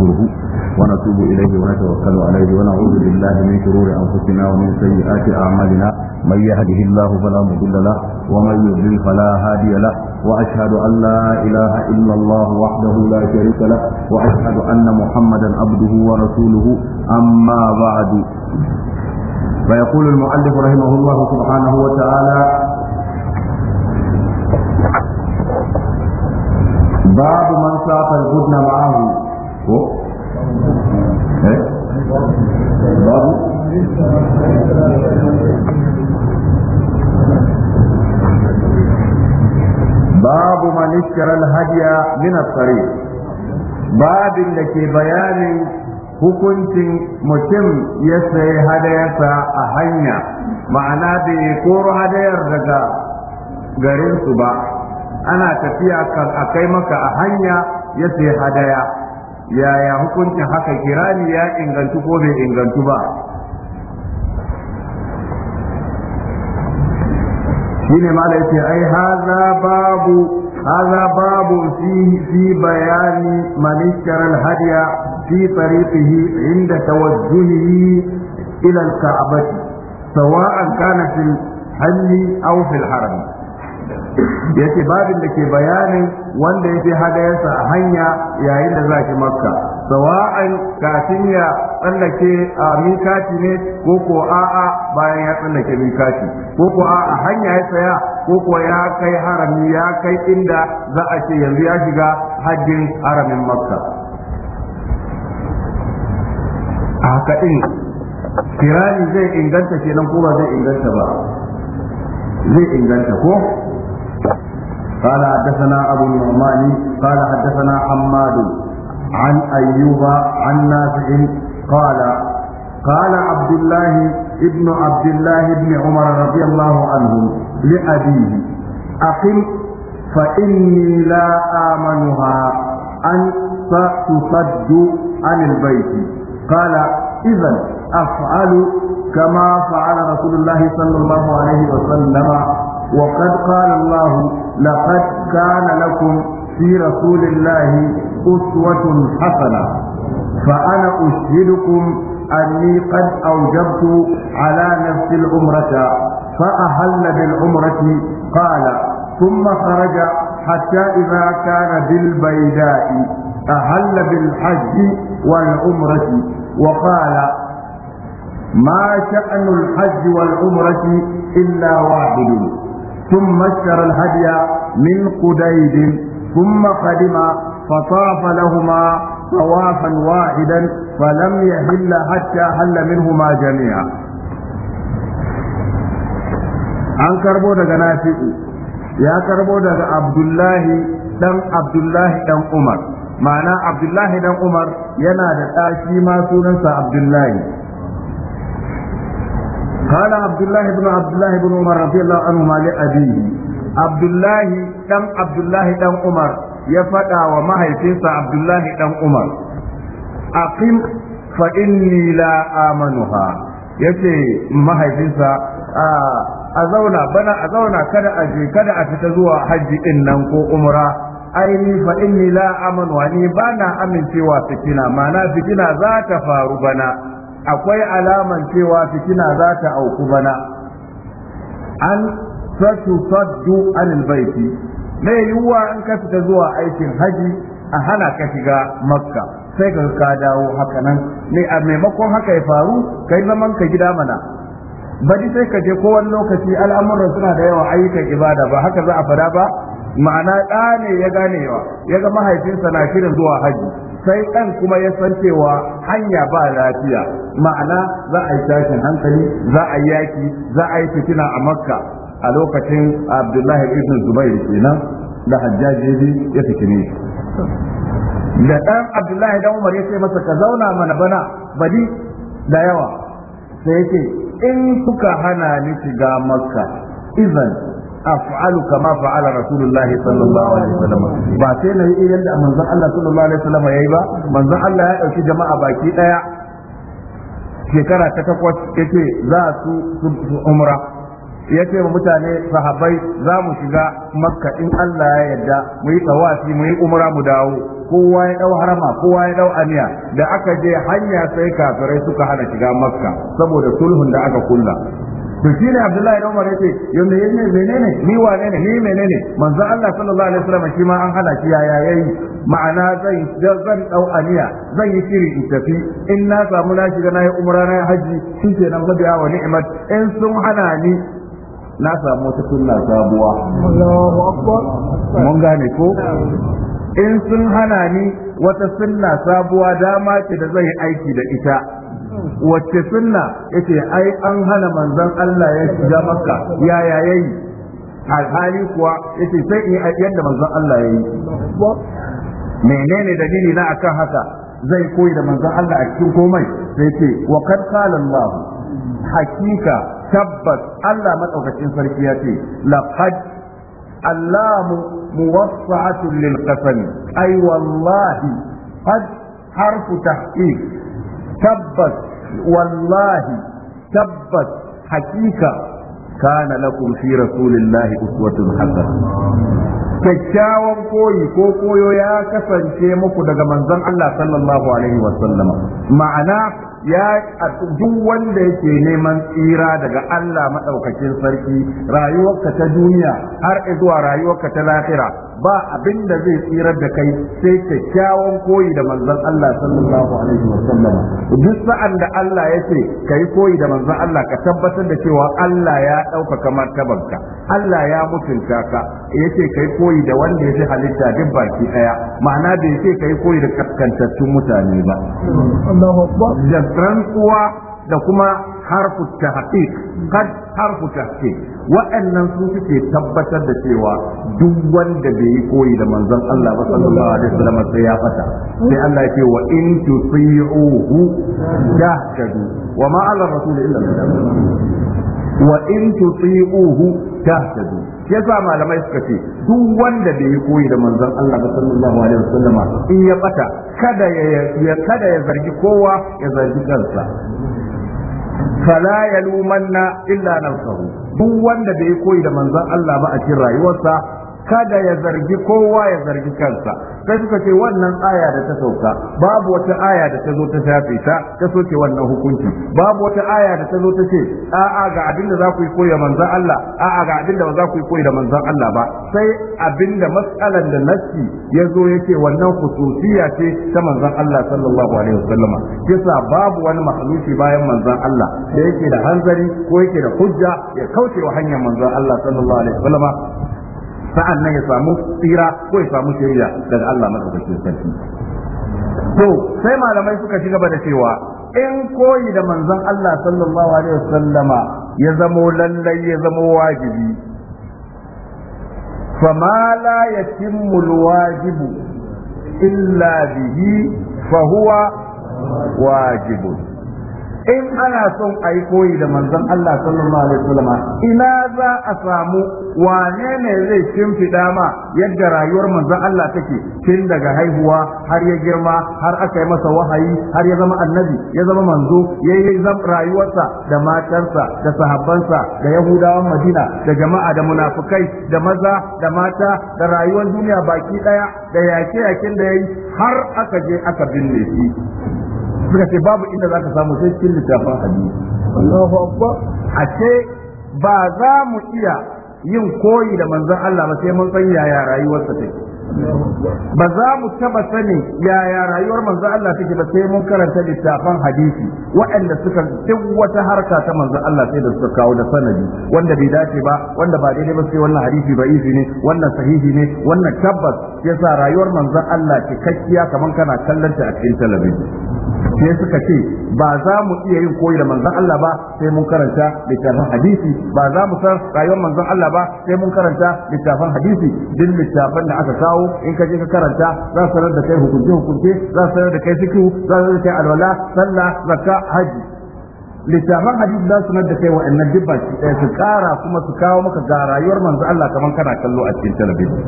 ونستغفره ونتوب إليه ونتوكل عليه ونعوذ بالله من شرور أنفسنا ومن سيئات أعمالنا من يهده الله فلا مضل له ومن يضلل فلا هادي له وأشهد أن لا إله إلا الله وحده لا شريك له وأشهد أن محمدا عبده ورسوله أما بعد فيقول المؤلف رحمه الله سبحانه وتعالى باب من ساق الهدن معه ko eh? babu babu man hadiya min at babin da ke bayanin hukuncin mutum ya sayi hadayarsa a hanya ma'ana bai koro hadayar daga garinsu ba ana tafiya a kai maka a hanya ya sayi hadaya yaya hukuncin haka kirani ya ingantu ko bai ingantu ba shine ma ce ai haza babu haza babu fi bayani man ishtara fi inda tawajjuhihi ila al sawa'an kana fil halli aw fil haram yace babin da ke bayanin wanda yace hadayarsa a hanya yayin da za ki makka sawa'an kafin ya tsallake a mikati ne ko ko a'a bayan ya tsallake mikati ko ko a'a hanya ya saya ko ko ya kai harami ya kai inda za a ce yanzu ya shiga hajjin haramin makka a haka din kirani zai inganta nan ko ba zai inganta ba zai inganta ko قال حدثنا أبو النعمان قال حدثنا حماد عن أيوب عن نافع قال قال عبد الله ابن عبد الله بن عمر رضي الله عنهم لأبيه أقم فإني لا آمنها أن تصد عن البيت قال إذا أفعل كما فعل رسول الله صلى الله عليه وسلم وقد قال الله لقد كان لكم في رسول الله أسوة حسنة فأنا أشهدكم أني قد أوجبت على نفسي العمرة فأحل بالعمرة قال ثم خرج حتى إذا كان بالبيداء أحل بالحج والعمرة وقال ما شأن الحج والعمرة إلا واحد ثم اشترى الهدي من قديد ثم قدم فطاف لهما طوافا واحدا فلم يهل حتى حل منهما جميعا an karbo daga nafi'u ya karbo daga abdullahi dan abdullahi dan umar ma'ana abdullahi dan umar yana da ɗashi ma sunansa abdullahi قال عبد الله بن عبد الله بن عمر رضي الله عنهما لأبيه عبد الله دم عبد الله دم عمر يفتى وما هيتيس عبد الله دم عمر أقم فإني لا آمنها yace mahaifinsa a zauna bana a zauna kada a je kada a fita zuwa hajji din nan ko umra aini fa inni la amanu ni bana amincewa fitina mana fitina za ta faru bana akwai alaman cewa fitina za ta auku bana an fatusaddu anil baiti mai yiwuwa in ka fita zuwa aikin haji a hana ka shiga makka sai ka ka dawo haka nan ne a maimakon haka ya faru kai zaman ka gida mana bari sai ka je kowane lokaci al'amuran suna da yawa ayyukan ibada ba haka za a fada ba ma'ana ɗa ne ya ganewa ya ga mahaifinsa na shirin zuwa haji sai ɗan kuma ya san cewa hanya ba lafiya ma'ana za a yi tashin hankali za a yi yaki za a yi fitina a makka a lokacin abdullahi ibn zubair kenan da hajjaji ya fitine da ɗan abdullahi dan umar ya ce masa ka zauna mana bana bari da yawa sai yake in suka hana ni shiga makka izan af'alu kama fa'ala rasulullahi sallallahu alaihi wasallam ba sai na yi irin da manzon Allah sallallahu alaihi wasallam yayi ba manzon Allah ya dauki jama'a baki daya shekara ta takwas yace za su umra ya ce wa mutane sahabbai za mu shiga makka in Allah ya yarda mu yi tawafi mu yi umra mu dawo kowa ya dau harama kowa ya dau aniya da aka je hanya sai kafirai suka hana shiga makka saboda sulhun da aka kulla to ne Abdullahi ibn Umar yace yo me ne? menene ni wane ne ni menene manzo Allah sallallahu alaihi wasallam shi ma an hana shi yaya yayi ma'ana zai zan dau aniya zan yi shiri in tafi in na samu na shiga na yi umra na haji shikenan mabiya wa ni'imar. in sun hana ni na samu wata sunna sabuwa Allahu akbar mun gane ko in sun hana ni wata sunna sabuwa dama ce da zai aiki da ita wacce sunna yace ai an hana manzon Allah ya shiga makka yaya yayi alhali kuwa yace sai in yadda manzon Allah yi. menene dalili na akan haka zai koyi da manzon Allah a cikin komai sai ce wa qad qala Allah hakika tabbas Allah madaukakin sarki yace laqad allamu muwaffa'atun lil qasam ai wallahi haj harfu tahqiq tabbas wallahi tabbas hakika kana lakum fi rasulillahi uswatun hasana kyakkyawan koyi ko koyo ya kasance muku daga manzon Allah sallallahu alaihi wasallama ma'ana ya duk wanda yake neman tsira daga Allah madaukakin sarki rayuwarka ta duniya har zuwa rayuwarka ta lahira ba abin da zai tsira da kai sai kyakkyawan koyi da manzon Allah sallallahu alaihi wasallam duk sa'an da Allah ya ce kai koyi da manzon Allah ka tabbatar da cewa Allah ya ɗaukaka martabanka Allah ya mutunta ka yace kai koyi da wanda ya fi halitta duk baki daya ma'ana bai ce kai koyi da kaskantattun mutane ba rantsuwa da kuma harfu tahqiq kad harfu tahqiq wa'annan su suke tabbatar da cewa duk wanda bai yi koyi da manzon Allah ba sallallahu alaihi wasallam sai ya fata sai Allah ya ce wa in tusiuhu tahtadu wa ma ala rasul illa wa in tusiuhu tahtadu yasa malamai suka ce duk wanda bai yi koyi da manzon Allah sallallahu alaihi wasallam in ya bata kada ya kada ya zargi kowa ya zargi kansa fala yalumanna illa nafsuhu duk wanda bai koyi da manzon Allah ba a cikin rayuwarsa kada ya zargi kowa ya zargi kansa sai suka ce wannan aya da ta sauka babu wata aya da ta zo ta shafe ta ta soke wannan hukunci babu wata aya da ta zo ta ce a'a ga abin da za ku yi koyi manzon Allah a'a ga abin da ba za ku yi koyi da manzon Allah ba sai abin da mas'alan da nassi ya zo yake wannan khususiya ce ta manzon Allah sallallahu alaihi wasallama kisa babu wani mahaluci bayan manzon Allah da yake da hanzari ko yake da hujja ya kauce wa hanyar manzon Allah sallallahu alaihi wasallama sa'an nan ya samu tsira ko ya samu shirya daga Allah madaukakin sarki to sai malamai suka ci gaba da cewa in koyi da manzon Allah sallallahu alaihi wasallama ya zamo lallai ya zamo wajibi fama la yatimmu wajibu, illa bihi fa huwa wajibun in ana son a yi koyi da manzon Allah sallallahu alaihi wasallam ina za a samu wane ne zai shimfiɗa ma yadda rayuwar manzon Allah take tun daga haihuwa har ya girma har aka yi masa wahayi har ya zama annabi ya zama manzo ya yi rayuwarsa da matarsa da sahabbansa da yahudawan madina da jama'a da munafukai da maza da mata da rayuwar duniya baki daya da yake yakin da yayi har aka je aka binne shi suka ce babu inda za ka samu sai cikin littafin hadisi Allahu akbar a ce ba za mu iya yin koyi da manzon Allah ba sai mun san yaya rayuwarsa take ba za mu taba sani yaya rayuwar manzo Allah take ba sai mun karanta littafan hadisi waɗanda suka duk wata harka ta manzo Allah sai da suka kawo da sanadi wanda bai dace ba wanda ba daidai ba sai wannan hadisi ba ne wannan sahihi ne wannan tabbas yasa rayuwar manzo Allah cikakkiya kamar kana kallon ta a cikin talabijin sai suka ce ba za mu iya yin koyi da manzon Allah ba sai mun karanta littafin hadisi ba za mu san rayuwar manzon Allah ba sai mun karanta littafin hadisi duk littafan da aka kawo dawo in ka je ka karanta za su sanar da kai hukunce hukunce za su sanar da kai fikihu za su sanar da kai alwala sallah zakka haji Littafin hadisi za su da kai wa'annan dibba su kara kuma su kawo maka ga rayuwar manzo Allah kaman kana kallo a cikin talabijin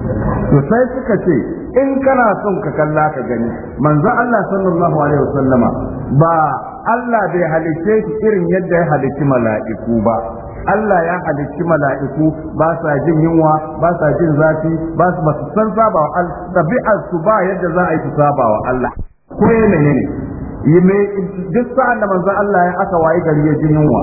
to sai suka ce in kana son ka kalla ka gani manzo Allah sallallahu alaihi wasallama ba Allah bai halicce irin yadda ya halicci mala'iku ba Allah ya halicci mala'iku ba sa jin yunwa ba sa jin zafi ba su basu san sabawa Allah su ba yadda za a yi su sabawa Allah ko menene yi me duk sa'an da manzon Allah ya aka wayi gari ya jin yunwa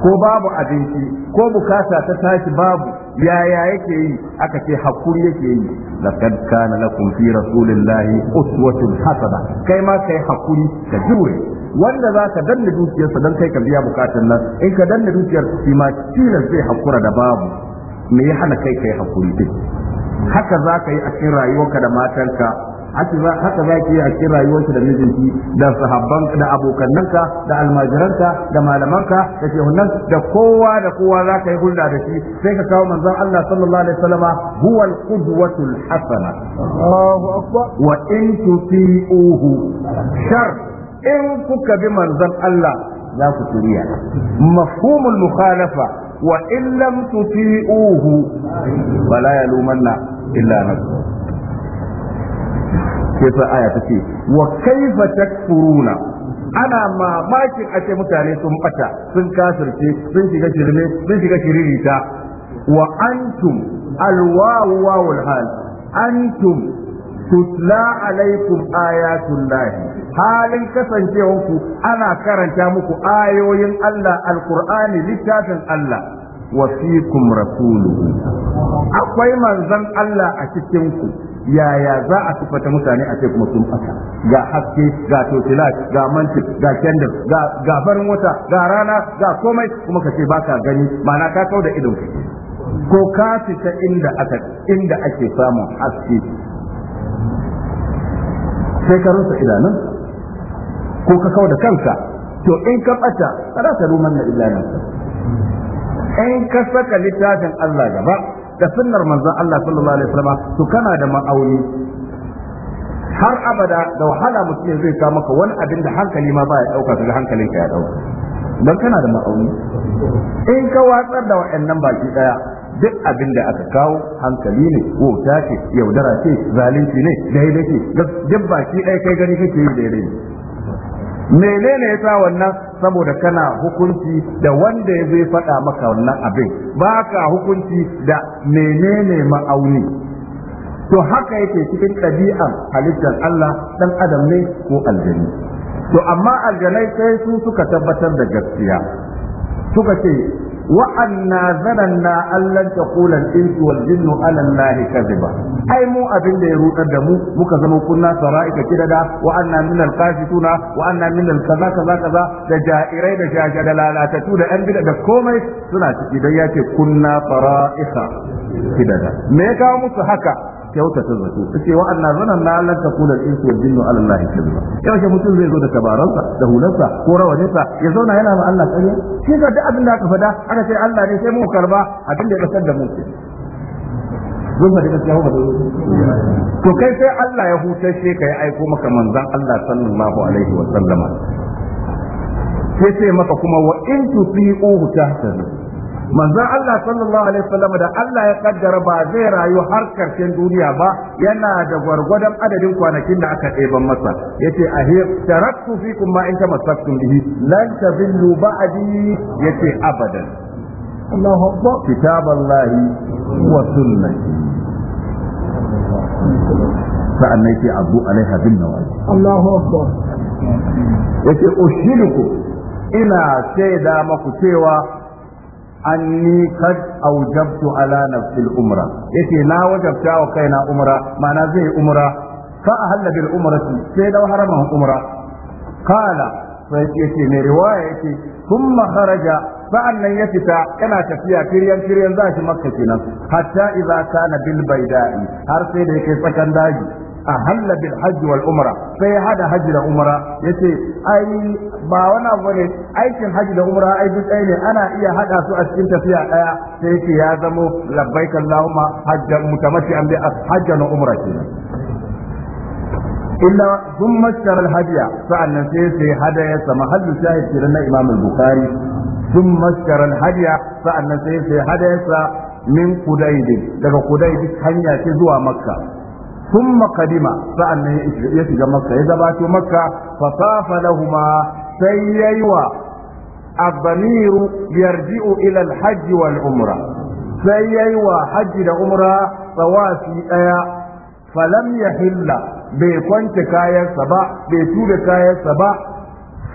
ko babu abinci ko bukata ta tashi babu yaya yake yi aka ce hakuri yake yi laqad kana lakum fi rasulillahi uswatun hasana kai ma kai hakuri ka jure wanda za ka danna dukiyarsa dan kai ka biya bukatun nan in ka danna dukiyar shi ma tilas zai hakura da babu me ya hana kai kai hakuri din haka za ka yi a cikin rayuwarka da matanka haka za ki yi a cikin rayuwarki da mijinki da sahabban da abokannanka da almajiranka da malamanka da shehunan da kowa da kowa za ka yi hulɗa da shi sai ka kawo manzon Allah sallallahu alaihi wasallama huwa qudwatul hasana Allahu akbar wa in tuti'uhu shar in kuka bi manzon Allah za ku turiya mafhumul mukhalafa wa in lam tuti'uhu fala yalumanna illa nafsuhu yasa aya ta ce wa kaifa takfuruna ana mamakin a ce mutane sun bata sun kasirce sun shiga shirme sun shiga shiririta wa antum alwawu wawul hal antum tutla alaikum ayatul lahi halin kasancewanku ana karanta muku ayoyin Allah alkur'ani littafin Allah wa fiikum rasuluhu akwai manzon Allah a cikin ku yaya za a tuffata mutane a ce kuma sun ga haske ga totilat ga mantik ga kendir ga farin wata ga rana ga komai kuma ka ce ba ka gani mana ka kau da idon ko ka fita inda aka inda ake samun haske sai ka rusa idanun ko ka kau da kanka to in ka ɓata kada ta ruman na idanun in ka saka littafin Allah gaba da sunnar manzon Allah sallallahu alaihi wasallam to kana da ma'auni har abada da wahala mutum zai ka maka wani abin da hankali ma baya dauka daga hankalinka ya dauka dan kana da ma'auni in ka watsar da wa'annan baki daya duk abin da aka kawo hankali ne wauta ce yaudara ce zalunci ne daidai ce duk baki ɗaya kai gani kake yi daidai menene ya sa wannan saboda kana hukunci da wanda ya zai faɗa maka wannan abin ba ka hukunci da menene ma'auni to haka yake cikin ɗabi'ar halittar Allah ɗan adam ne ko aljani to amma aljanai sai su suka tabbatar da gaskiya suka ce wa'anna zananna allan taqula al-insu wal jinnu ala allahi kadhiba ai mu abin da ya rudar da mu muka zama kunna sara'ika kidada wa anna min al-qasituna wa anna min kaza kaza kaza da ja'irai da jaja lalatatu da yan bid'a da komai suna ciki dan yace kunna sara'ika kidada me ya kawo musu haka kyautata zato sai wa annan zanan na Allah ta kula insu wal jinnu ala Allah kadhiba yau shi mutum zai zo da tabaransa da hulansa ko rawaninsa ya zauna yana ma Allah kare shi ga duk abin da aka fada aka ce Allah ne sai mu karba abin da ya kasar da mu mun faɗi gaskiya ba da to kai sai Allah ya shi ka ya aiko maka manzan Allah sallallahu alaihi wa sallama sai sai maka kuma wa in tu fi tusi'uhu tahtadu manzon Allah sallallahu alaihi wasallam da Allah ya kaddara ba zai rayu har karshen duniya ba yana da gwargwadon adadin kwanakin da aka ɗeban masa yace ahir taraktu fikum ma in tamassaktum bihi lan tabillu ba'di yace abadan Allahu akbar kitaballahi wa sunnati sa'an nan yake abu alaiha bin Nawal. Allahu akbar yace ushiluku ina shaida maku cewa أني قد أوجبت على نفس الأمرة يتي لا وجبت وكينا أمرة ما نزيه أمرة فأهل بالأمرة سيدة وحرمه أمرة قال يتي من رواية ثم خرج فأن يتسع كما تفيا كريان كريان ذات مكة حتى إذا كان بالبيداء هر سيدا يكي سكن داجي ahalla bil hajji wal umra sai hada hajji da umra yace ai ba wani abu ne aikin hajji da umra ai duk ne ana iya hada su a cikin tafiya daya sai yace ya zamo labbaik allahumma hajjan mutamatti'an bi hajjan umra ke. illa thumma shara al hadiya sa'annan sai sai hada ya sa mahallu shahid kenan na imam al bukhari thumma shara al hadiya sa'annan sai sai hada ya sa min kudaid daga kudaid hanya ce zuwa makka ثم قدم فأن يشج مكة إذا باتوا مكة فطاف لهما سيوا الضمير يرجع إلى الحج والعمرة سيوا حج عمرة طوافي أيا فلم يحل bai kwance kayansa ba bai tura kayansa ba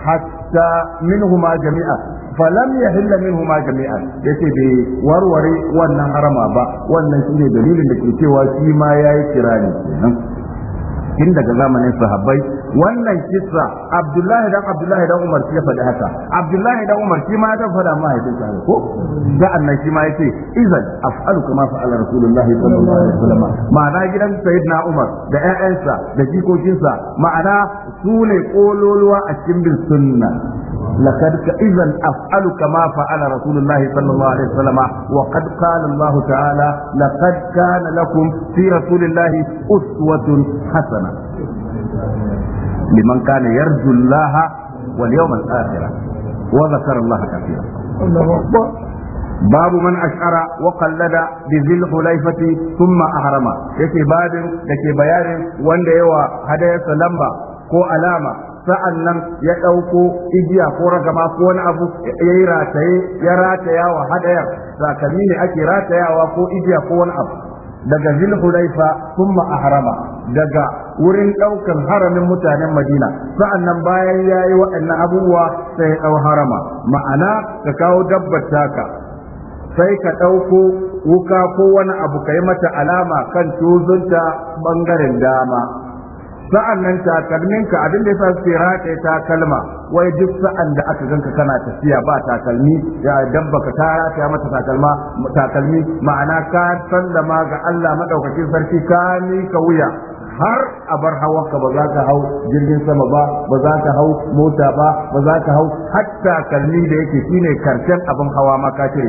hatta minhuma jami'a falam yahilla minhuma jami'a ce bai warware wannan harama ba wannan shine dalilin da ke cewa shi ma yayi kirani kenan tun daga zamanin sahabbai wannan kissa Abdullahi dan Abdullahi dan Umar ya faɗi haka Abdullahi dan Umar shi ma ya faɗa ma haifin sa ko da annan shi ma yace idan af'alu kama fa'ala Rasulullahi sallallahu alaihi wasallam ma'ana gidan Sayyidina Umar da ƴaƴansa da jikokinsa ma'ana su ne kololuwa a cikin bin sunna لقد إذا أفعل كما فعل رسول الله صلى الله عليه وسلم وقد قال الله تعالى لقد كان لكم في رسول الله liman kana yarju Allah wal yawmal akhir wa zakara Allah kathira Allahu akbar باب من أشعر وقلد بذي الخليفة ثم أحرم يكي باب يكي بيان وان يوى هدايا لمبا كو علامة sa'annan ya ɗauko igiya ko ragama ko wani abu ya yi rataye ya ratayawa hadayar zakami ne ake ratayawa ko igiya ko wani abu daga zilhulaifa kuma ahrama daga wurin ɗaukar haramin mutanen madina nan bayan ya yi waɗannan abubuwa sai ya ɗau harama ma'ana ka kawo dabbar taka sai ka ɗauko wuka ko wani abu ka yi mata alama kan tuzunta ɓangaren dama sa'an nan ka abin da yasa suke rataye takalma wai duk sa'an da aka ganka kana tafiya ba takalmi ya dan ka ta rataya mata takalma takalmi ma'ana ka sallama ga Allah madaukakin sarki ka ka wuya har a bar hawanka ba za ka hau jirgin sama ba ba za ka hau mota ba ba za ka hau hatta karni da yake ne karshen abin hawa ma ka cire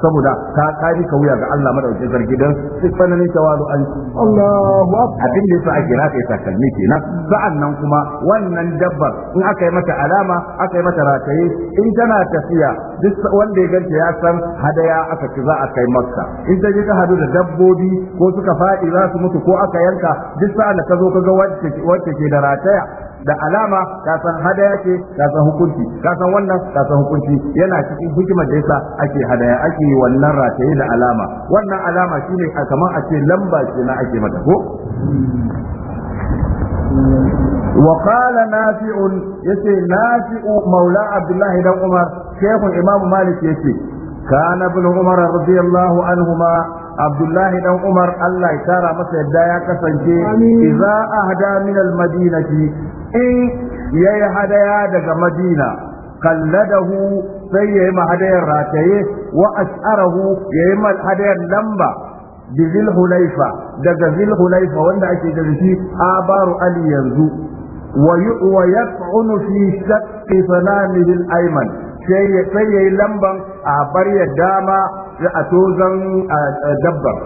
saboda ka kari ka wuya ga Allah madaukakin sarki dan sifananin tawalu an Allahu abin da yasa a kira kai takalmi kenan nan kuma wannan dabbar in aka yi mata alama aka yi mata rataye in tana tafiya duk wanda ya ganta ya san hadaya aka ci za a kai makka in ta je ta hadu da dabbobi ko suka faɗi za su mutu ko aka yanka duk sa'an da ka zo ka ga wacce ke da rataya da alama ka san hadaya ce ka san hukunci ka san wannan ka san hukunci yana cikin hikimar da yasa ake hadaya ake wannan rataye da alama wannan alama shine kamar a ce lamba ce na ake mata ko وقال نافع يسي نافع مولى عبد الله بن عمر شيخ الإمام مالك يسي كان ابن عمر رضي الله عنهما abdullahi dan umar Allah ya tara masa yadda ya kasance idza ahda min almadinati in yayi hadaya daga madina kalladahu sai yayi hadayar rataye wa ash'arahu yayi hadayar lamba bizil hulaifa daga zil hulaifa wanda ake da shi abaru ali yanzu ويطعن في شق سنامه الأيمن sai ya yi lamban a bar ya dama sai a tozon dabbar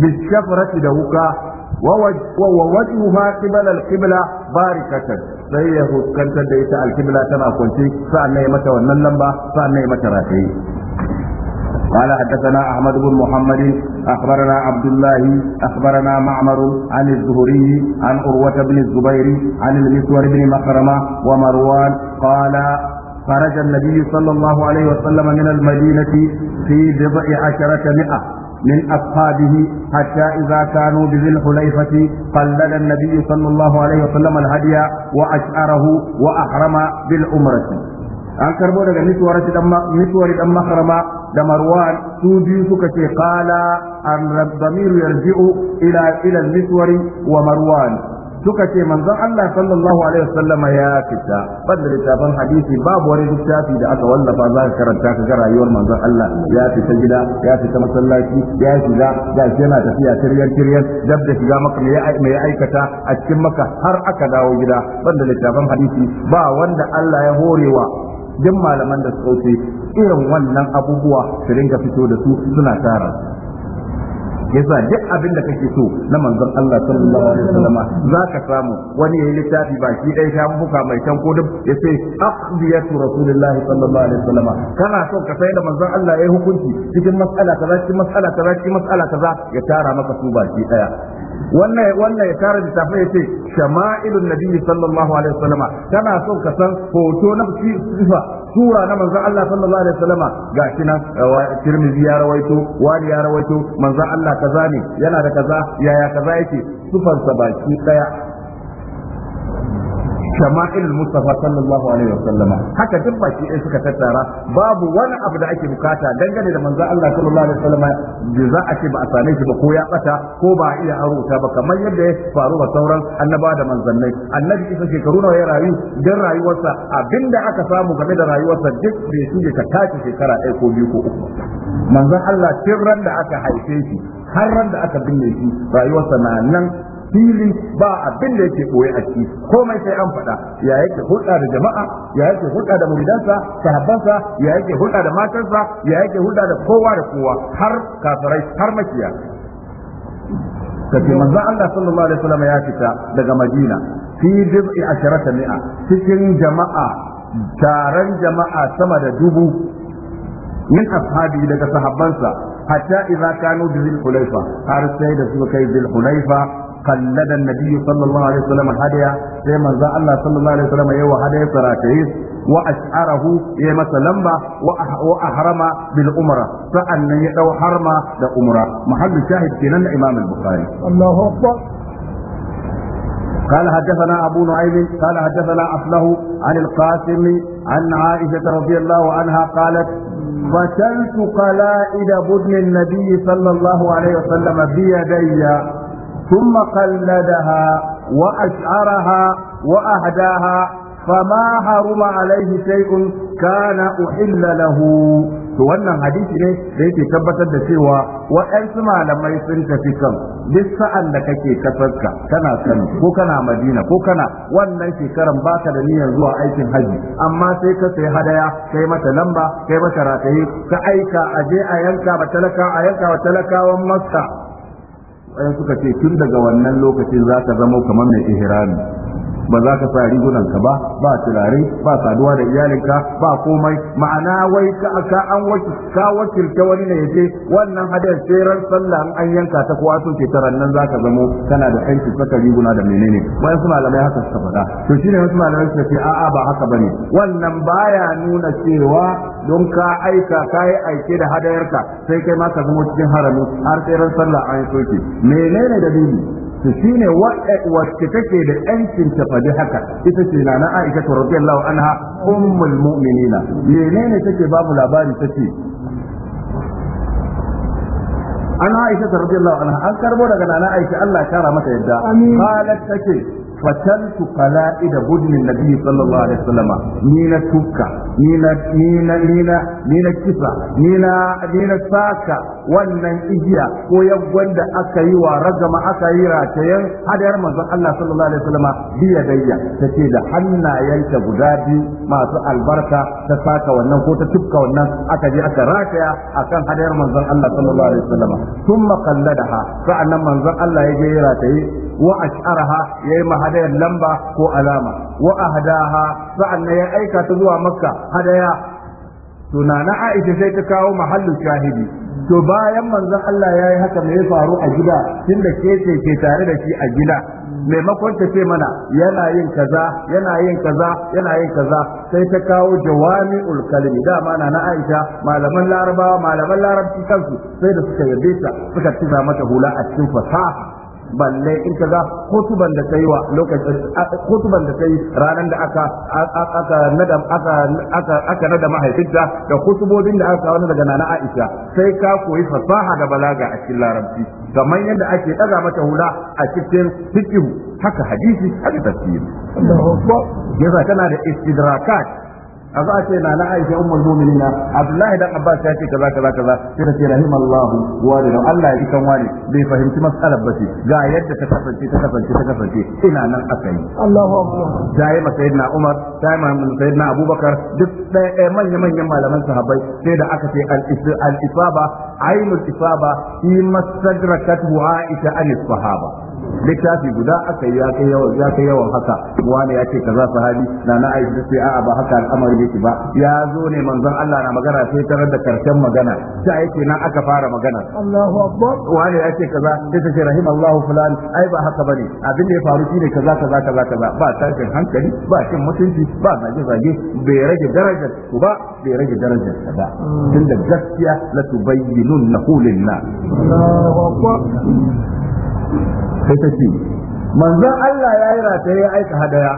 bishafara da wuka wa waje wa kibala alkibla bari kasar sai ya fuskantar da ita alkibla tana kwance, sa'an na yi mata wannan lamba sa'an na yi mata rataye قال حدثنا احمد بن محمد اخبرنا عبد الله اخبرنا معمر عن الزهري عن عروه بن الزبير عن المسور بن مخرمه ومروان قال خرج النبي صلى الله عليه وسلم من المدينة في بضع عشرة مئة من أصحابه حتى إذا كانوا بذي الحليفة قلد النبي صلى الله عليه وسلم الهدي وأشعره وأحرم بالعمرة أنكر karbo daga miswari dan makarama da marwan su biyu قال ce kala an إلى yarji'u ila ila suka ce manzon Allah sallallahu alaihi wasallam ya fita banda littafin hadisi babu wani littafi da aka wallafa za ka karanta ka ga rayuwar manzon Allah ya fita gida ya fita masallaci ya shiga ga yana tafiya tiryan tiryan dab da shiga maka mai ya aikata a cikin maka har aka dawo gida da littafin hadisi ba wanda Allah ya horewa duk malaman da suka wuce irin wannan abubuwa su ringa fito da su suna tara yasa duk abin da kake so na manzon Allah sallallahu alaihi wasallam zaka samu wani yayi littafi ba shi dai shan buka mai can ko duk yace aqdiyatu rasulullahi sallallahu alaihi wasallam kana so ka sai da manzon Allah yayi hukunci cikin mas'ala kaza cikin mas'ala kaza cikin mas'ala kaza ya tara maka su ba shi daya wannan wannan ya tara littafai ya ce shama'ilun nabiyyi sallallahu alaihi wasallama tana son ka san hoto na sifa sura na manzon Allah sallallahu alaihi wasallama gashi nan Tirmidhi ya rawaito wani ya rawaito manzon Allah kaza ne yana da kaza yaya kaza yake sifar sa baki daya shama'il Mustafa sallallahu alaihi wasallam haka duk baki ɗaya suka tattara babu wani abu da ake bukata dangane da manzon Allah sallallahu alaihi wasallam da za a ce ba a same shi ba ko ya bata ko ba a iya aruta ba kamar yadda ya faru ba sauran annaba da manzannai annabi isa shekaru nawa ya rayu dan rayuwarsa abinda aka samu game da rayuwarsa duk bai shige ka tace shekara ɗaya ko biyu ko uku manzon Allah tun ran da aka haife shi har ran da aka binne shi rayuwarsa na nan fili ba abin da yake koyi a ciki komai sai an faɗa ya yake hulɗa da jama'a ya yake hulɗa da muridansa sahabbansa ya yake hulɗa da matarsa ya yake hulɗa da kowa da kowa har kafirai har makiya kace manzo Allah sallallahu alaihi wasallam ya fita daga Madina fi bid'i asharata mi'a cikin jama'a taron jama'a sama da dubu min ashabi daga sahabbansa hatta idza kanu bil dhil hulaifa har sai da suka kai bil hulaifa قلد النبي صلى الله عليه وسلم الهدي زي ما ذا الله صلى الله عليه وسلم يو هدي سراكيس وأشعره مثلا لمبا وأحرم بالأمرة فأن يدو حرم لأمرة محل الشاهد في إمام البخاري الله أكبر قال حدثنا أبو نعيم قال حدثنا أصله عن القاسم عن عائشة رضي الله عنها قالت فشلت قلائد بدن النبي صلى الله عليه وسلم بيدي ثم قلدها وأشعرها وأهداها فما حرم عليه شيء كان أحل له to wannan hadisi ne da yake tabbatar da cewa waɗansu malamai sun tafi kan duk sa'an da kake kasarka kana san ko kana Madina ko kana wannan shekaran baka da niyyar zuwa aikin haji amma sai ka sai hadaya kai mata lamba kai mata rataye ka aika a je a yanka ba talaka a yanka wa talakawan masa sai suka ce tun daga wannan lokacin za ka zama kamar mai ihrami ba za ka sa rigunan ka ba ba turare ba saduwa da iyalinka ba komai ma'ana wai ka aka an ka wakilta wani ne yace wannan hadar tseren sallah an yanka ta kowa sun ce taran nan zaka zamo kana da aiki saka riguna da menene wai su malamai haka suka faɗa to shine wasu malamai suka ce a'a ba haka bane wannan baya nuna cewa don ka aika ka yi aike da hadayarka sai kai ma ka zamo cikin haramin har sai sallah an soke menene dalili to ne wacce take da yancin ta faɗi haka ita ce na na Aisha radiyallahu ha ummul mu'minina menene take babu labari ce an Aisha radiyallahu ha an karbo daga na Aisha Allah ya kara mata yadda qalat take fatantu qala'ida budnin nabi sallallahu alaihi wasallam ni na tuka ni na ni na kisa ni saka wannan igiya ko yaggon da aka yi wa ragama aka yi ratayen hadayar manzon Allah sallallahu alaihi wasallam biya dayya tace da hannayenta guda biyu masu albarka ta saka wannan ko ta tubka wannan aka je aka rataya akan hadayar manzon Allah sallallahu alaihi wasallam sa'annan manzon Allah ya je rataye wa ash'araha yayi mahadayar lamba ko alama wa ahdaha sa'anna ya aika ta zuwa makka hadaya to na Aisha sai ta kawo mahallu shahidi to bayan manzon Allah ya yi haka me ya faru a gida tunda ke ce ke tare da shi a gida maimakon ta ce mana yana yin kaza yana yin kaza yana yin kaza sai ta kawo jawami kalimi dama na na Aisha malaman larabawa malaman larabci kansu sai da suka yabe ta suka tura mata hula a cikin fasaha balle in kaza hutuban da kai wa lokacin da kai ranar da aka aka nada aka aka aka nada mahaifinta da kutubobin da aka wani daga nana Aisha sai ka koyi fasaha da balaga a cikin larabci kamar yadda ake daga mata hula a cikin fiqh haka hadisi haka tafsiri yasa tana da istidrakat a za a ce na na aisha ummul mu'minina abdullahi dan abbas ya ce kaza kaza kaza sai ta ce rahimallahu wa Allah ya ikan wani bai fahimci matsalar ba ce ga yadda ta kasance ta kasance ta kasance ina nan aka yi Allahu akbar da ya masa Umar da ya masa Abubakar duk ɗaya manyan manyan malaman sahabbai sai da aka ce al-isaba ainul isaba fi masadrakat aisha an sahaba littafi guda aka yi ya kai yawan ya yawan haka wani ya ce kaza sahabi na na aisha sai a'a ba haka al'amari yake ba ya zo ne manzon Allah na magana sai tarar da karshen magana sai yake nan aka fara magana Allahu akbar wani ya ce kaza sai ta ce rahimallahu fulan ai ba haka bane abin da ya faru shine kaza kaza kaza kaza ba tashin hankali ba cin mutunci ba zage zage bai rage darajar ku ba bai rage darajar ka ba hmm. tunda gaskiya la tubayyinunna lin nas Allahu akbar sai ta ce manzon Allah ya yi rataye ya aika hadaya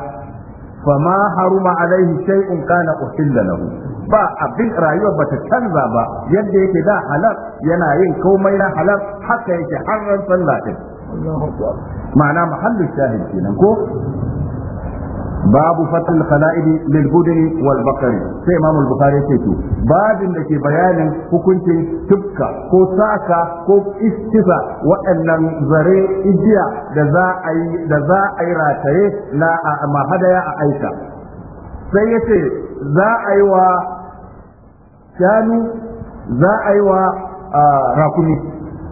ma haruma alaihi shay'un kana uhilla lahu ba abin rayuwa ba ta canza ba yadda yake da halal yana yin komai na halal haka yake har ran sallah din ma'ana mahallin shahid kenan ko babu fatul khala'id lil budri wal bakari sai imam al ce to babin da ke bayanin hukuncin tukka ko saka ko istifa waɗannan zare ijiya da za a yi da za a yi rataye na a mahadaya a aika sai yace za a yi wa shanu za a yi wa rakumi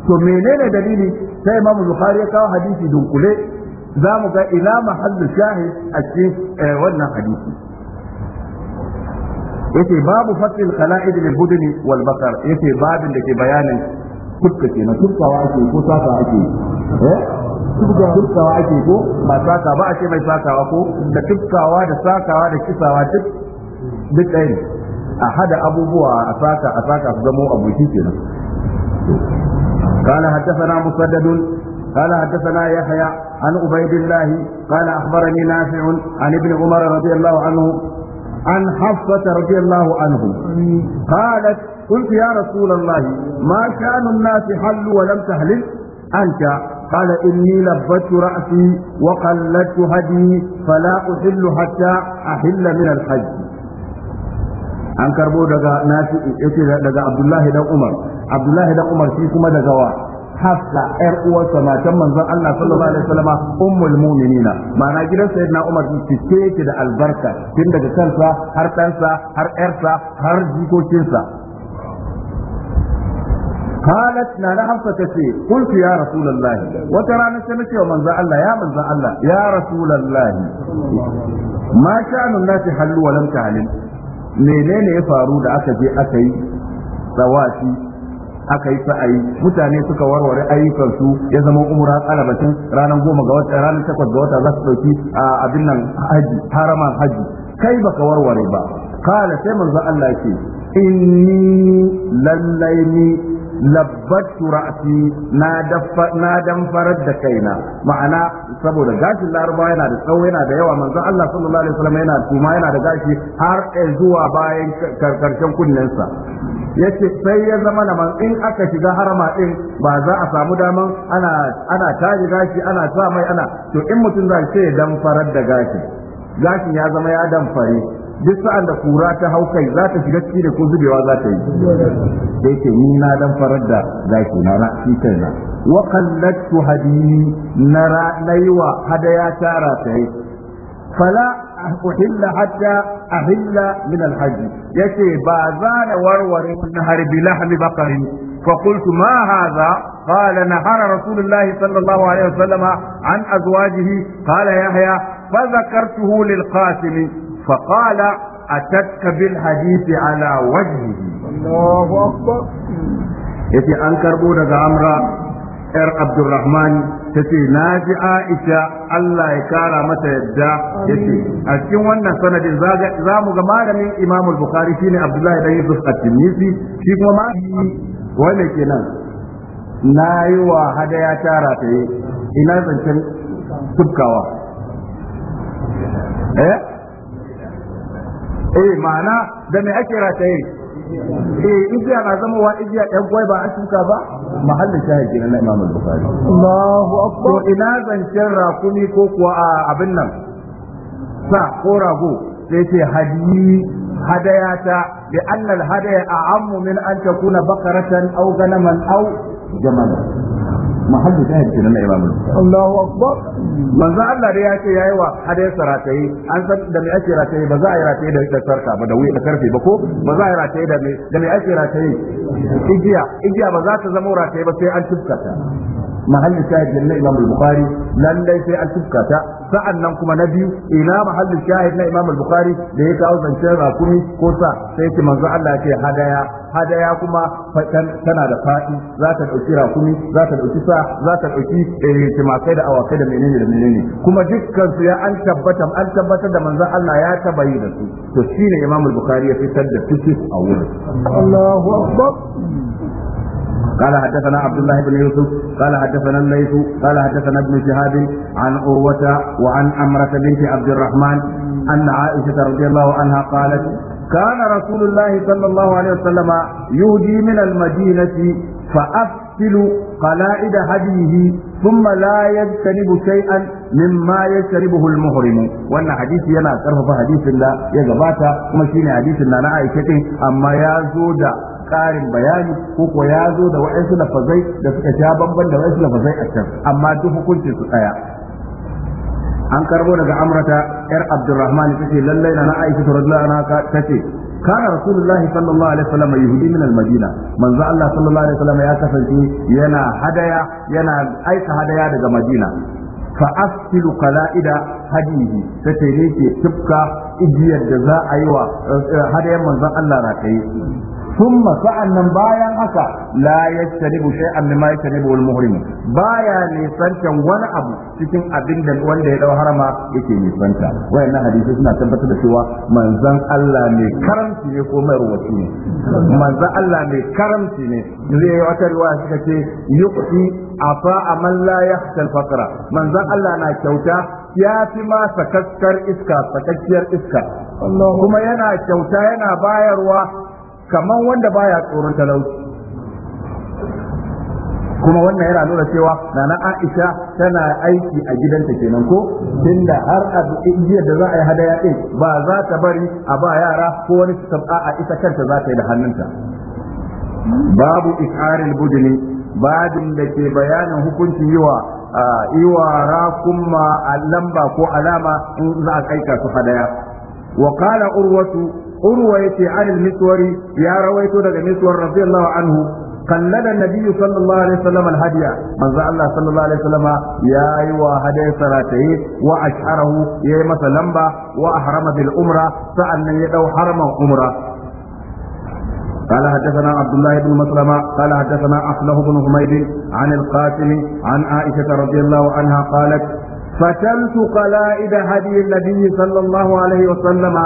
to menene dalili sai imam al ya kawo hadishi dunkule za mu ga ina mahallu shahid a cikin eh, wannan hadisi yake babu fasil khala'id lil budni wal basar yake babin da ke bayanin kuka ke na turkawa ake ko saka ake eh turkawa ake ko ba saka ba a mai sakawa ko da turkawa da sakawa da kisawa duk duk ɗaya a hada abubuwa a saka a saka su zamo abuki kenan قال حدثنا مسدد قال حدثنا يحيى عن عبيد الله قال أخبرني نافع عن ابن عمر رضي الله عنه عن حفصة رضي الله عنه قالت قلت يا رسول الله ما كان الناس حلوا ولم تهلل أنت قال إني لبت رأسي وقلدت هدي فلا أحل حتى أحل من الحج an karbo daga nafi daga abdullahi dan umar abdullahi dan umar shi kuma daga wa hafsa yar uwarsa matan manzon Allah sallallahu alaihi wasallam ummul mu'minina ma'ana gidan sayyidina Umar cike yake da albarka tun daga kansa har ɗansa har ƴarsa har jikokinsa قالت نانا حفصة تسي قلت يا رسول الله ranar سنتي ومن ذا الله يا من ذا الله يا رسول الله ما شأن الناس حلوا ولم تعلم menene ya faru da aka je aka yi tsawafi aka yi sa'ayi mutane suka warware ayyukansu ya zama umra kalabatin ranar goma ga wata ranar takwas ga wata za su dauki abin nan haji haraman haji kai baka warware ba kala sai manzo Allah ce inni lallai ni labbattu ra'si na dafa na damfarar da kaina ma'ana saboda gashin laraba yana da tsawo yana da yawa manzo Allah sallallahu alaihi wasallam yana tuma yana da gashi har zuwa bayan karkarshen kunnensa yace sai ya zama na man in aka shiga harama din ba za a samu daman ana ana tare gashi ana sa mai ana to in mutum zai ce dan farar da gashi gashin ya zama ya dan fare duk sa'an da kura ta haukai kai za ta shiga ciki da ko zubewa za ta yi da yake ni na dan farar da gashi na ra shi na wa qallatu hadini na ra hadaya tara ta yi فلا أحل حتى أحل من الحج يتي بازان ورور النهر بلحم بقر فقلت ما هذا قال نهر رسول الله صلى الله عليه وسلم عن أزواجه قال يحيى فذكرته للقاسم فقال أتتك بالحديث على وجهه الله أكبر yace an karbo daga amra yar Abdulrahman ta ce na ji Aisha Allah ya kara mata yadda ya ce a cikin wannan sanadin za mu ga malamin Imam Bukhari shine Abdullahi dan Yusuf at tunisi shi kuma ma ke kenan na yi wa hadaya tara ta yi ina zancen tubkawa eh eh ma'ana da me ake rataye eh igiya na zama wa igiya ɗan gwai ba a tuka ba mahallin shahid kenan na Imam Bukhari Allahu akbar to ina zancen rakumi ko kuwa a abin nan sa ko rago sai ce hadiyi هداياتا لأن الهدايا أعم min an takuna bakaratan aw ganaman aw جملا mahallu shahid kenan na imamu Allahu akbar manzo Allah da ya ce yayi wa hadai saratayi an san da mai ake ratayi ba za a yi ratayi da sarka ba da wuya da karfe ba ko ba za a yi ratayi da me da mai ake ratayi igiya igiya ba za ta zama ratayi ba sai an tufka ta mahallin shahid na Imam al-Bukhari lallai sai an tufkata sa'an nan kuma na biyu ina mahallin shahid na Imam al-Bukhari da ya kawo zancen rakumi ko sa sai ki manzo Allah ce hadaya hadaya kuma tana da fa'i za ta dauki rakumi za ta dauki sa za ta dauki timakai da awakai da menene da menene kuma dukkan su ya an tabbatar da manzo Allah ya tabayi da su to shine Imam al-Bukhari ya fitar da fiqh a wurin قال حدثنا عبد الله بن يوسف قال حدثنا الليث قال حدثنا ابن شهاب عن عروة وعن أمرة بنت عبد الرحمن أن عائشة رضي الله عنها قالت كان رسول الله صلى الله عليه وسلم يهدي من المدينة فأفصل قلائد هديه ثم لا يجتنب شيئا مما يشربه المحرم وان حديث ينا صرف حديث لا يا جماعه مشينا حديث لا عائشه اما يا زودا ƙarin bayani ko ya zo da waɗansu lafazai da suka sha bamban da wa'ansu lafazai a can amma duk hukuncin su tsaya an karbo daga amrata yar abdurrahman ce, lallai na na aisha radhiyallahu anha tace kana rasulullahi sallallahu alaihi wasallam yahudi min almadina manzo Allah sallallahu alaihi wasallam ya kasance yana hadaya yana aika hadaya daga madina fa asilu qala'ida hadihi tace ne ke tifka igiyar da za a yi wa eh, hadayan manzon Allah rakaye ثم sa'annan bayan haka la yastanibu shay'an mimma yastanibu al muhrim baya nisantan wani abu cikin abin da wanda ya dau harama yake nisanta wayannan hadisi suna tabbatar da cewa manzon Allah mai karamci ne ko mai ruwaci ne manzon Allah mai karamci ne zai yi wata riwaya suka ce yuqti afa amal la yahtal faqra manzon Allah na kyauta ya fi ma sakakkar iska sakakkiyar iska kuma yana kyauta yana bayarwa kamar wanda baya tsoron talauci kuma wannan yana nuna cewa nana Aisha tana aiki a gidanta kenan ko tunda har a jiya da za a yi hadaya din ba za ta bari a ba yara ko wani su a ita kanta za ta yi da hannunta babu ikarin budini babin da ke bayanin hukuncin yiwa iwa a lamba ko alama in za a kaika su hadaya wa qala urwatu urwa yace an miswari ya rawaito daga miswar radiyallahu anhu kallada nabiyyu sallallahu alaihi wasallam alhadiya manzo allah sallallahu alaihi wasallam ya yi wa hadaya sarata yi wa ya yi masa lamba wa ahrama bil umra sa'annan ya dau haraman umra قال حدثنا عبد الله بن مسلمة قال حدثنا أصله بن حميد عن القاسم عن عائشة رضي الله عنها قالت فشمت قلائد هدي النبي صلى الله عليه وسلم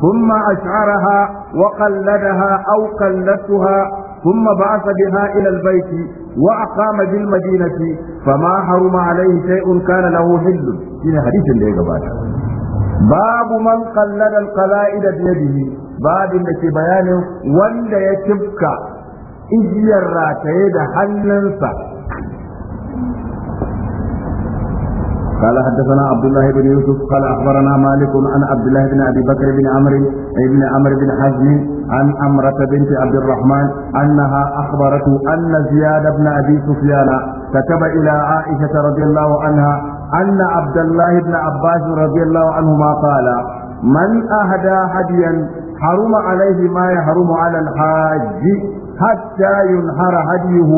ثم أشعرها وقلدها أو قلدتها ثم بعث بها إلى البيت وأقام بالمدينة فما حرم عليه شيء كان له حل هنا حديث اللي يقبل باب من قلد القلائد بيده باب اللي بيانه ولا يتبكى إجي الراتيد حننسى قال حدثنا عبد الله بن يوسف قال اخبرنا مالك عن عبد الله بن ابي بكر بن عمرو بن عمرو بن حزم عن امرة بنت عبد الرحمن انها اخبرته ان زياد بن ابي سفيان كتب الى عائشة رضي الله عنها ان عبد الله بن عباس رضي الله عنهما قال من اهدى هديا حرم عليه ما يحرم على الحاج حتى ينهر هديه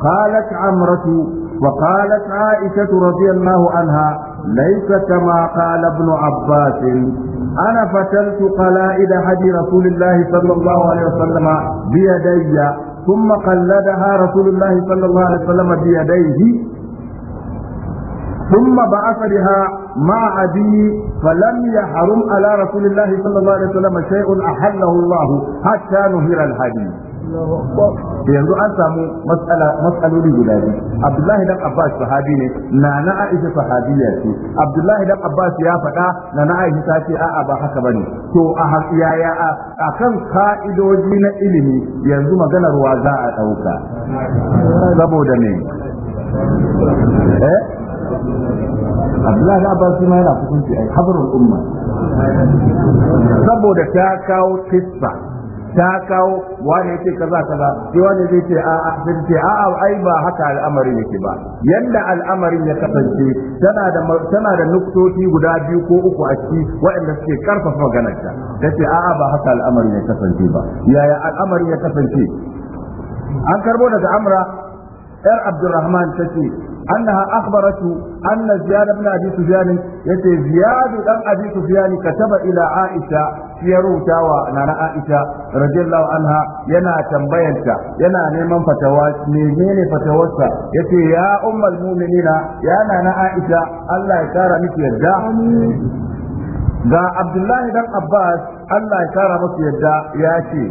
قالت عمرة وقالت عائشة رضي الله عنها ليس كما قال ابن عباس أنا فتلت قلائد هدي رسول الله صلى الله عليه وسلم بيدي ثم قلدها رسول الله صلى الله عليه وسلم بيديه ثم بعث بها مع أبي فلم يحرم على رسول الله صلى الله عليه وسلم شيء أحله الله حتى نهر الهدي yanzu an samu matsaloli guda biyu abdullahi dan abbas sahabi ne na aisha sahabiya ce abdullahi dan abbas ya faɗa na aisha ta ce a'a ba haka bane to a ya a kan ka'idoji na ilimi yanzu maganar wa za a ɗauka saboda ne eh Abdullahi Abbas ma yana hukunci a habrul umma saboda ta kawo kissa ta kawo wani ce kaza kaza sai wani zai ce a a ce a a ai ba haka al'amarin yake ba yanda al'amarin ya kasance tana da tana da nuktoci guda biyu ko uku a ciki waɗanda suke karfafa maganar ta tace a a ba haka al'amarin ya kasance ba yaya al'amarin ya kasance an karbo daga amra yar abdurrahman tace أنها أخبرته أن زياد بن أبي سفيان يتي زياد بن أبي سفيان كتب إلى عائشة يروى تاوى نانا عائشة رضي الله عنها ينا تنبينتا ينا نيمان فتوى نيمين فتوسا يتي يا أم المؤمنين يا نانا عائشة الله يكارا مكي يدع ga Abdullahi dan Abbas Allah ya kara masa yadda ya ce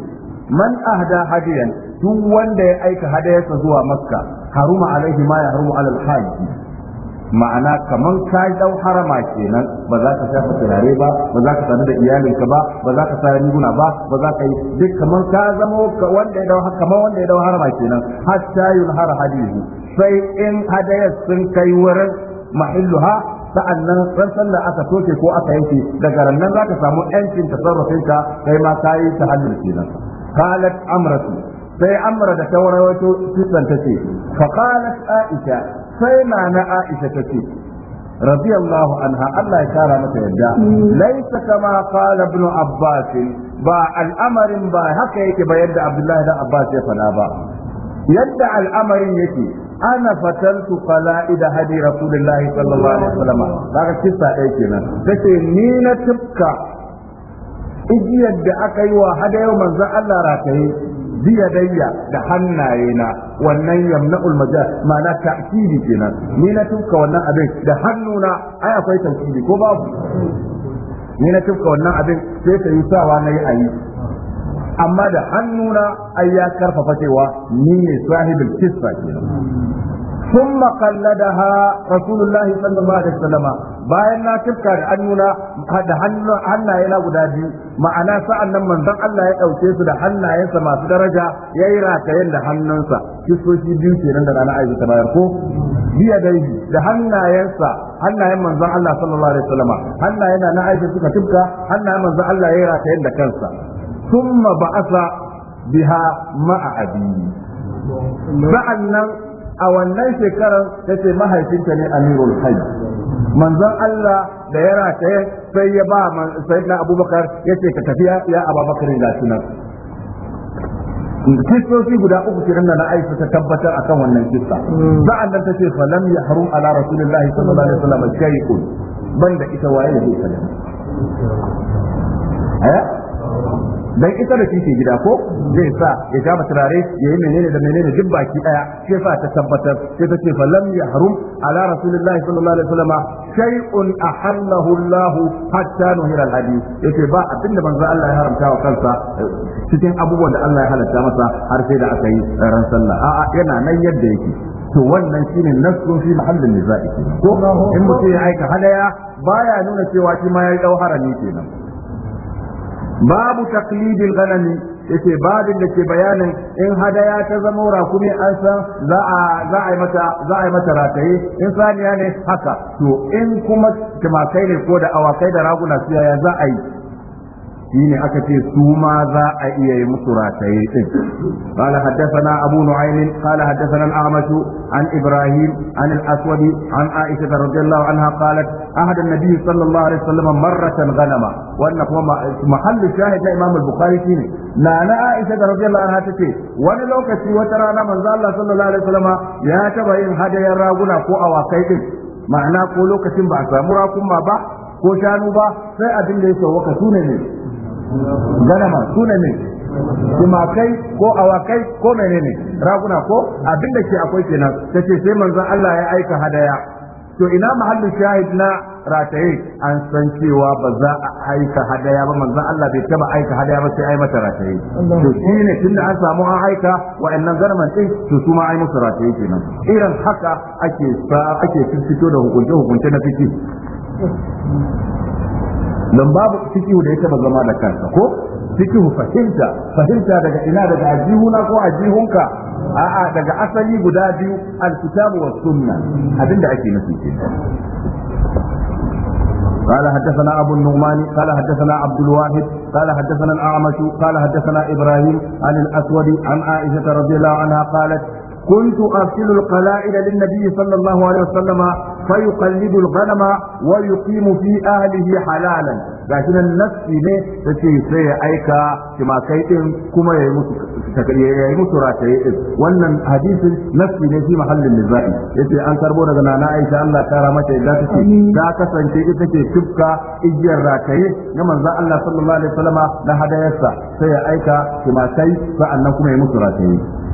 man ahda hadiyan duk wanda ya aika hadayarsa zuwa Makka haruma alaihi ma ya haruma alal haji ma'ana kaman ka dau harama kenan ba za ka shafa turare ba ba za ka sadu da iyalinka ba ba za ka sa riguna ba ba za ka yi duk kaman ka zama wanda ya dau kaman wanda ya dau harama kenan hatta yulhar hadihi sai in hadayar sun kai wurin mahilluha sa'annan san sallah aka soke ko aka yanke daga rannan zaka samu yancin tasarrufinka kai ma kayi tahallul kenan qalat amratu sai amra da ta rawaito kisan ta ce fa aisha sai na aisha ta ce radiyallahu anha Allah ya kara mata yadda mm. laisa kama qala ibn abbas ba al'amarin ba haka yake ba yadda abdullahi da abbas ya fada ba yadda al'amarin yake ana fataltu qala'ida hadi rasulullahi sallallahu alaihi wasallam daga kissa ɗaya kenan tace ni na tufka igiyar da aka yi wa yau manzon Allah rataye biyadayya da hannayena wannan yamna'ul majaz ma'ana ta'kidi kenan ni na tuka wannan abin da hannuna ai akwai ta'kidi ko babu ni na tuka wannan abin sai ta yi sawa na yi ayi amma da hannuna ai ya karfafa cewa ni ne sahibul kisra kenan ثم قلدها رسول الله صلى الله عليه وسلم bayan na tifka da hannuna da hannaye na guda biyu ma'ana sa'an nan manzon Allah ya ɗauke su da hannayensa masu daraja ya yi ratayen da hannunsa kisoshi biyu ke nan da rana aiki ta bayar ko biya dai da hannayensa hannayen manzon Allah sallallahu alaihi wasallama hannayen na aiki suka tifka hannayen manzon Allah ya yi ratayen da kansa Summa ba'asa biha ma'a abi sa'an nan a wannan shekarar ta ce mahaifinta ne amirul hajj manzon Allah da ya rataye sai ya ba sayyidina abubakar ya ce ka tafiya ya ababakar ga sunan kistoci guda uku kiran na aisha ta tabbatar akan wannan kista sa'an nan ta ce falam ya harum ala rasulillahi sallallahu alaihi wasallam shay'un banda ita waye ne eh? ke dan ita da kike gida ko zai sa ya ga turare yayi menene da menene duk baki daya sai sa ta tabbatar sai ta ce falam yahrum ala rasulillahi sallallahu alaihi wasallam shay'un ahallahu Allah hatta nuhira al Ya yace ba abin da manzo Allah ya haramta wa kansa cikin abubuwan da Allah ya halatta masa har sai da aka yi ran sallah a'a yana nan yadda yake to wannan shine nasu fi mahallin niza'i ko in mutum ya aika hadaya baya nuna cewa shi ma ya dau harami kenan babu taqlidil ganami yace babin da ke bayanin in hadaya ta zama rakumi an san za a za a yi mata za a yi mata rataye in saniya ne haka to in kuma tumakai ne ko da awakai da raguna su yaya za a yi shine aka ce su ma za a iya yi musu rataye din قال حدثنا أبو نعيم قال حدثنا الأعمش عن إبراهيم عن الأسود عن عائشة رضي الله عنها قالت أحد النبي صلى الله عليه وسلم مرة غنما وأن محل الشاهد إمام البخاري فيه نانا عائشة رضي الله عنها تتي وأنا لو كسي وترانا من الله صلى الله عليه وسلم يا تبعين هذا يرى غنا فوق أواقيتك ma'ana ko lokacin ba a samu rakunma ba ko shanu ba sai abin da ya sauwaka su ne ganama Suna ne tumakai ko awakai ko menene raguna ko abin da ke akwai kenan tace sai manzon Allah ya aika hadaya to ina mahallin shahid na rataye an san cewa ba za a aika hadaya ba manzon Allah bai taba aika hadaya ba sai ai mata rataye to shine tunda an samu an aika wa'annan garman din to su ma ai musu rataye kenan irin haka ake ake fito da hukunce hukunce na fiki don babu ciki da ya ba zama da kansa ko ciki fahimta fahimta daga ina daga ajihuna ko ajihunka a'a daga asali guda biyu alkitabu was sunna abinda ake nufi kenan قال حدثنا أبو النعمان قال حدثنا عبد الواحد قال حدثنا الأعمش قال حدثنا إبراهيم عن الأسود عن عائشة رضي الله عنها قالت كنت أرسل القلائد للنبي صلى الله عليه وسلم فيقلب الغنم ويقيم في أهله حلالا gashi nan ne ta ce sai ya aika kai kuma ya yi musu rataye wannan hadisin nafsi ne fi mahallin nizai ce an karbo daga nana Aisha Allah ta rama ta ce ta kasance ita ce tufka igiyar rataye na manzon Allah sallallahu alaihi wasallama na hadayarsa sai ya aika kai sa'annan kuma ya musu rataye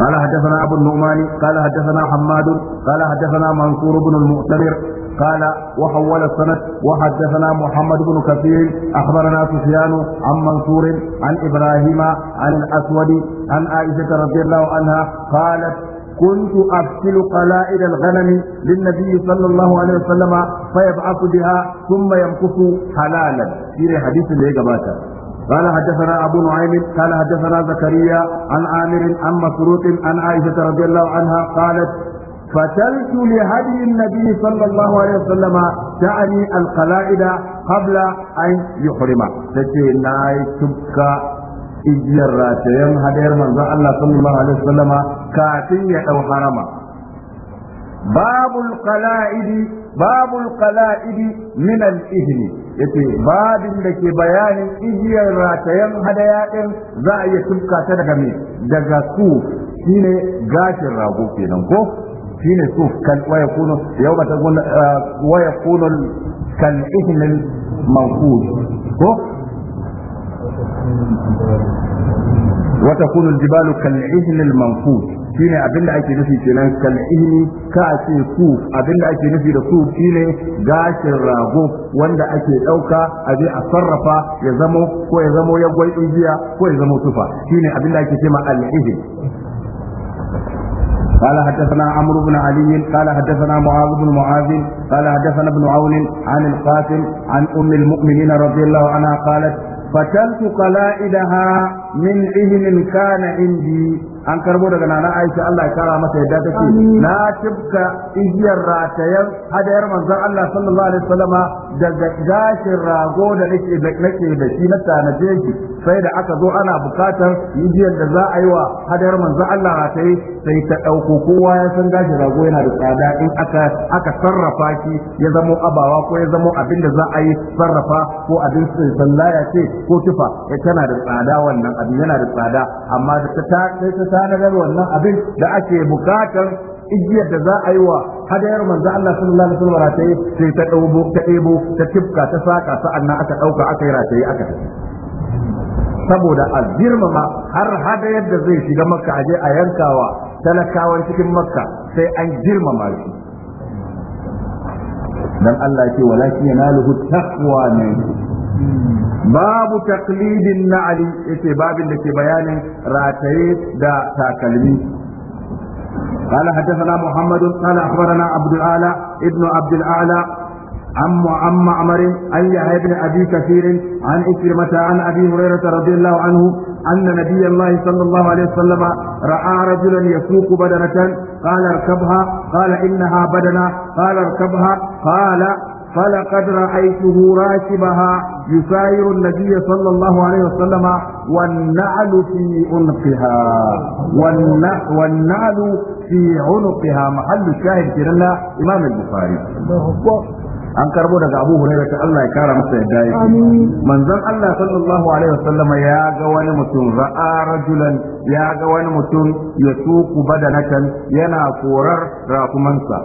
قال حدثنا أبو النعمان قال حدثنا حماد قال حدثنا منصور بن المؤتمر قال وحول السند وحدثنا محمد بن كثير أخبرنا سفيان عن منصور عن إبراهيم عن الأسود عن عائشة رضي الله عنها قالت كنت أغسل قلائد الغنم للنبي صلى الله عليه وسلم فيبعث بها ثم يمكث حلالا في حديث اللي جباته قال حدثنا أبو نعيم قال حدثنا زكريا عن عامر عن مسروق عن عائشة رضي الله عنها قالت فتلت لهدي النبي صلى الله عليه وسلم تعني القلائد قبل أن يحرم تتي ناي تبكى igiyar ratayen hadayar manzon Allah sallallahu alaihi wasallam kafin ya dau harama babul qala'idi babul qala'idi min al-ihni yace babin da ke bayanin igiyar ratayen hadaya din za a iya tumka ta daga me daga su shine gashin rago kenan ko shine su kan waya kuno yau ba ta gun eh, waya kuno kan ihnil mawqud ko وتكون الجبال كالعهن المنفوش shine abinda ake nufi kenan kal ihni ka ce ku abinda ake nufi da ku shine gashin rago wanda ake dauka a je a sarrafa ya zamo ko ya zamo ya gwai jiya ko ya zamo tufa shine abinda ake cewa al ihni قال حدثنا عمرو بن علي قال حدثنا معاذ بن معاذ قال حدثنا ابن عون عن القاسم عن ام المؤمنين رضي الله عنها قالت فتلت قلائدها من عهن كان عندي an karbo daga nana Aisha Allah ya kara masa yadda take na tibka igiyar ratayen hadayar manzon Allah sallallahu alaihi wasallama daga gashin rago da nake da shi na tanaje shi sai da aka zo ana bukatar jiyar da za a yi wa hadar manzo Allah ta yi sai ta ɗauko kowa ya san gashi rago yana da tsada in aka sarrafa shi ya zamo abawa ko ya zamo abin da za a yi sarrafa ko abin ya ce ko tufa ya eh, tana da tsada wannan abin yana da tsada amma da ta sai ta tanadar wannan abin da ake bukatar igiyar da za a yi wa hadayar manzo Allah sallallahu alaihi wasallam rataye sai ta ɗebo ta ɗebo ta tifka ta saka sa'annan aka ɗauka aka yi rataye aka tafi saboda a girmama har hada yadda zai shiga makka a je a yankawa talakawan cikin makka sai an girmama shi dan Allah ce walakin yanaluhu taqwa ne babu na na'ali yace babin da ke bayanin rataye da takalmi قال حدثنا محمد قال اخبرنا عبد الاعلى ابن عبد الاعلى عن عن معمر عن يحيى بن ابي كثير عن عكرمة عن ابي هريرة رضي الله عنه ان نبي الله صلى الله عليه وسلم راى رجلا يسوق بدنة قال اركبها قال انها بدنة قال اركبها قال فلقد رأيته راكبها يساير النبي صلى الله عليه وسلم والنعل في عنقها والنعل في عنقها محل الشاهد في الله إمام البخاري an karbo daga Abu Hurairah ta Allah ya kara masa yadda yake manzon Allah sallallahu alaihi wasallam ya ga wani mutum ra'a rajulan ya ga wani mutum ya tuku badanatan yana korar rakumansa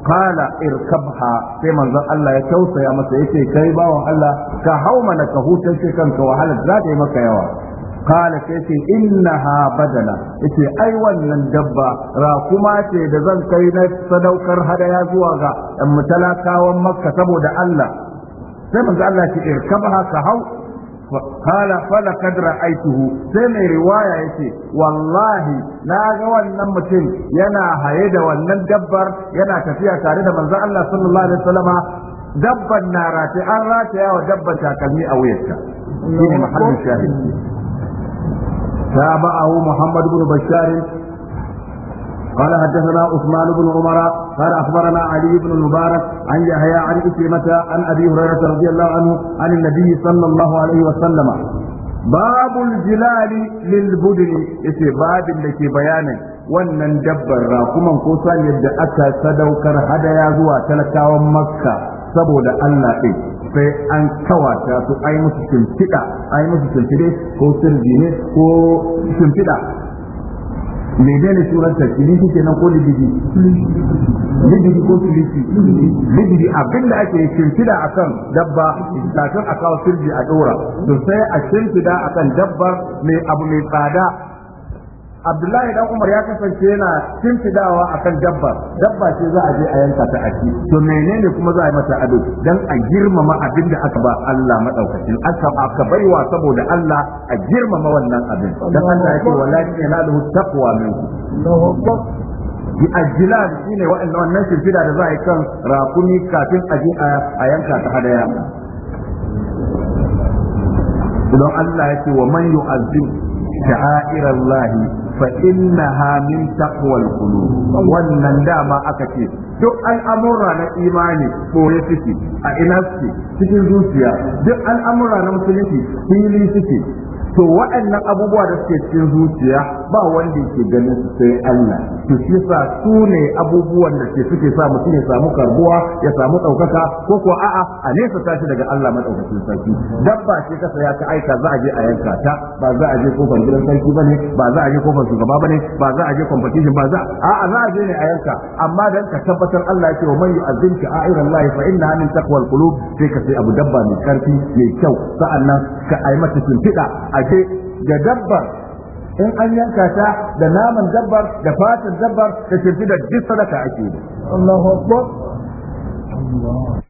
qala irkabha sai manzon Allah ya tausaya masa yace kai bawan Allah ka hauma na ka hutar kanka wahala za ta yi maka yawa قال كيتي إنها بدلة إتي أي من دبا راكماتي دزن كينا صدوكر يا زواغا أم تلاكا ومكة سبو دا الله سيما قال الله اركبها كهو قال فلقد رأيته سيما رواية إتي والله لا جوان نمتين ينا هيدا ونن دبر ينا تفيا تاريدا من ذا الله صلى الله عليه وسلم دبا النارات أن أو دبا تاكلمي أويتك shine mahallin shahid تابعه محمد بن بشار قال حدثنا عثمان بن عمر قال اخبرنا علي بن المبارك عن يحيى عن إكرمة عن ابي هريره رضي الله عنه عن النبي صلى الله عليه وسلم باب الجلال للبدن يتي باب اللي كي بيانه wannan dabbar rakuman ko saniyar da aka sadaukar hadaya zuwa talakawan makka saboda Allah ɗin sai an kawata su ai musu shimfiɗa ai musu shimfiɗe ko sirji ne ko shimfiɗa me ne surar ta ke kenan ko libidi libidi ko kilisi libidi abin da ake shimfiɗa akan dabba kafin a kawo sirji a ɗora to sai a shimfiɗa akan dabbar mai abu mai tsada Abdullahi dan Umar ya kasance yana shimfidawa akan dabba dabba ce za a je a yanka ta aki to menene kuma za a yi mata ado dan a girmama abin da aka ba Allah madaukakin aka aka baiwa saboda Allah a girmama wannan abin dan Allah yake wallahi da taqwa min bi ajlan shine wa'annan wannan shimfida da za a yi kan rakumi kafin a je a yanka ta hadaya don Allah yake wa man yu'azzim sha'airallahi fa innaha min taqwal wannan dama aka ce duk al'amura na imani boye suke a ina suke cikin zuciya duk al'amura na musulunci fili suke to wa'annan abubuwa da suke cikin zuciya ba wanda yake ganin su sai Allah to shi sa su ne abubuwan da ke suke sa mutum ya samu karbuwa ya samu ɗaukaka ko ko a'a a nesa tashi daga Allah madaukakin sarki dabba ce ka saya ka aika za a je a yanka ta ba za a je kofar gidan sarki bane ba za a je kofar shugaba bane ba za a je competition ba za a'a za a je ne a yanka amma dan ka tabbatar Allah yake wa man yu'azzim sha'airan Allah fa inna min taqwal qulub sai ka sai abu dabba mai karfi mai kyau sa'annan ka ai mata tuntuɗa a ce da dabbar in an yanka ta da naman dabbar da fatar dabbar da shirfi da duk sadaka ake yi. Allahu Akbar. Allah.